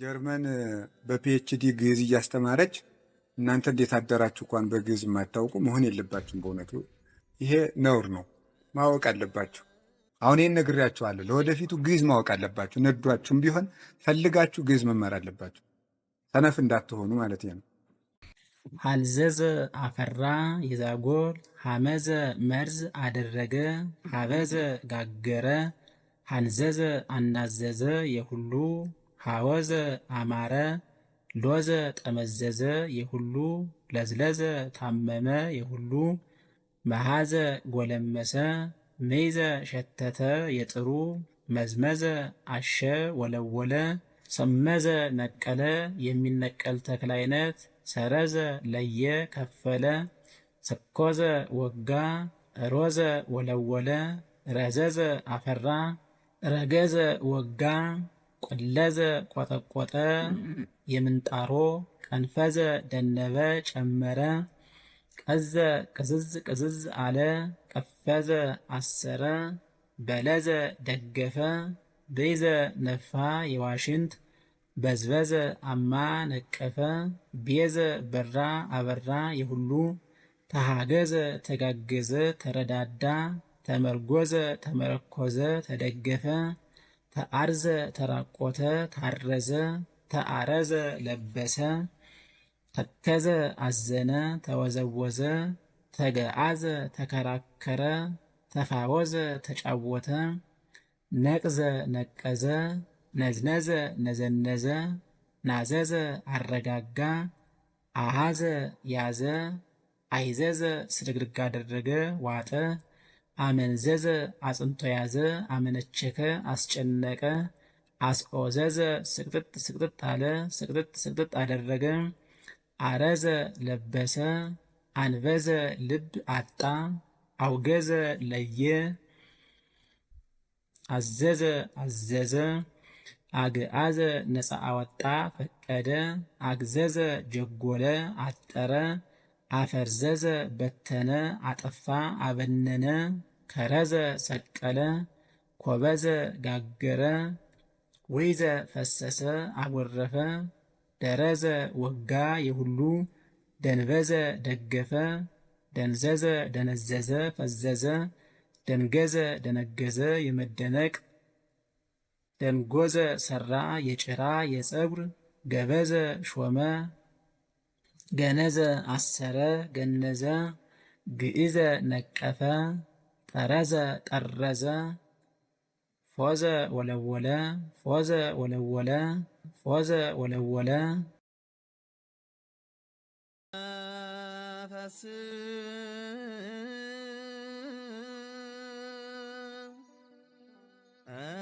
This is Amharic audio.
ጀርመን በፒኤችዲ ግዕዝ እያስተማረች እናንተ እንዴት አደራችሁ እንኳን በግዕዝ የማታውቁ መሆን የለባችሁም። በእውነቱ ይሄ ነውር ነው፣ ማወቅ አለባችሁ። አሁን ይህን ነግሬያችኋለሁ። ለወደፊቱ ግዕዝ ማወቅ አለባችሁ። ነዷችሁም ቢሆን ፈልጋችሁ ግዕዝ መማር አለባችሁ። ሰነፍ እንዳትሆኑ ማለት ነው። ሀልዘዘ አፈራ የዛጎል ሀመዘ መርዝ አደረገ ሀበዘ ጋገረ ሀንዘዘ አናዘዘ የሁሉ ሀወዘ አማረ ሎዘ ጠመዘዘ የሁሉ ለዝለዘ ታመመ የሁሉ መሐዘ ጎለመሰ ሜዘ ሸተተ የጥሩ መዝመዘ አሸ ወለወለ ሰመዘ ነቀለ የሚነቀል ተክል አይነት ሰረዘ ለየ፣ ከፈለ፣ ሰኮዘ ወጋ፣ ሮዘ ወለወለ፣ ረዘዘ አፈራ፣ ረገዘ ወጋ፣ ቆለዘ ቆጠቆጠ፣ የምንጣሮ፣ ቀንፈዘ ደነበ፣ ጨመረ፣ ቀዘ ቅዝዝ ቅዝዝ አለ፣ ቀፈዘ አሰረ፣ በለዘ ደገፈ፣ ቤዘ ነፋ የዋሽንት በዝበዘ አማ ነቀፈ ቤዘ በራ አበራ የሁሉ ተሃገዘ ተጋገዘ ተረዳዳ ተመርጎዘ ተመረኮዘ ተደገፈ ተአርዘ ተራቆተ ታረዘ ተአረዘ ለበሰ ተከዘ አዘነ ተወዘወዘ ተገአዘ ተከራከረ ተፋወዘ ተጫወተ ነቅዘ ነቀዘ ነዝነዘ፣ ነዘነዘ፣ ናዘዘ፣ አረጋጋ፣ አሃዘ፣ ያዘ፣ አይዘዘ፣ ስርግርግ አደረገ፣ ዋጠ፣ አመንዘዘ፣ አጽንቶ ያዘ፣ አመነቸከ፣ አስጨነቀ፣ አስቆዘዘ፣ ስቅጥጥ ስቅጥጥ አለ፣ ስቅጥጥ ስቅጥጥ አደረገ፣ አረዘ፣ ለበሰ፣ አንበዘ፣ ልብ አጣ፣ አውገዘ፣ ለየ፣ አዘዘ አዘዘ አግአዘ ነፃ አወጣ፣ ፈቀደ፣ አግዘዘ ጀጎለ፣ አጠረ፣ አፈርዘዘ በተነ፣ አጠፋ፣ አበነነ፣ ከረዘ ሰቀለ፣ ኮበዘ ጋገረ፣ ወይዘ ፈሰሰ፣ አጎረፈ፣ ደረዘ ወጋ፣ የሁሉ ደንበዘ ደገፈ፣ ደንዘዘ ደነዘዘ፣ ፈዘዘ፣ ደንገዘ ደነገዘ፣ የመደነቅ ደንጎዘ ሰራ፣ የጭራ፣ የፀጉር፣ ገበዘ ሾመ፣ ገነዘ አሰረ፣ ገነዘ፣ ግእዘ ነቀፈ፣ ጠረዘ ጠረዘ፣ ፎዘ ወለወለ፣ ፎዘ ወለወለ፣ ፎዘ ወለወለ فسر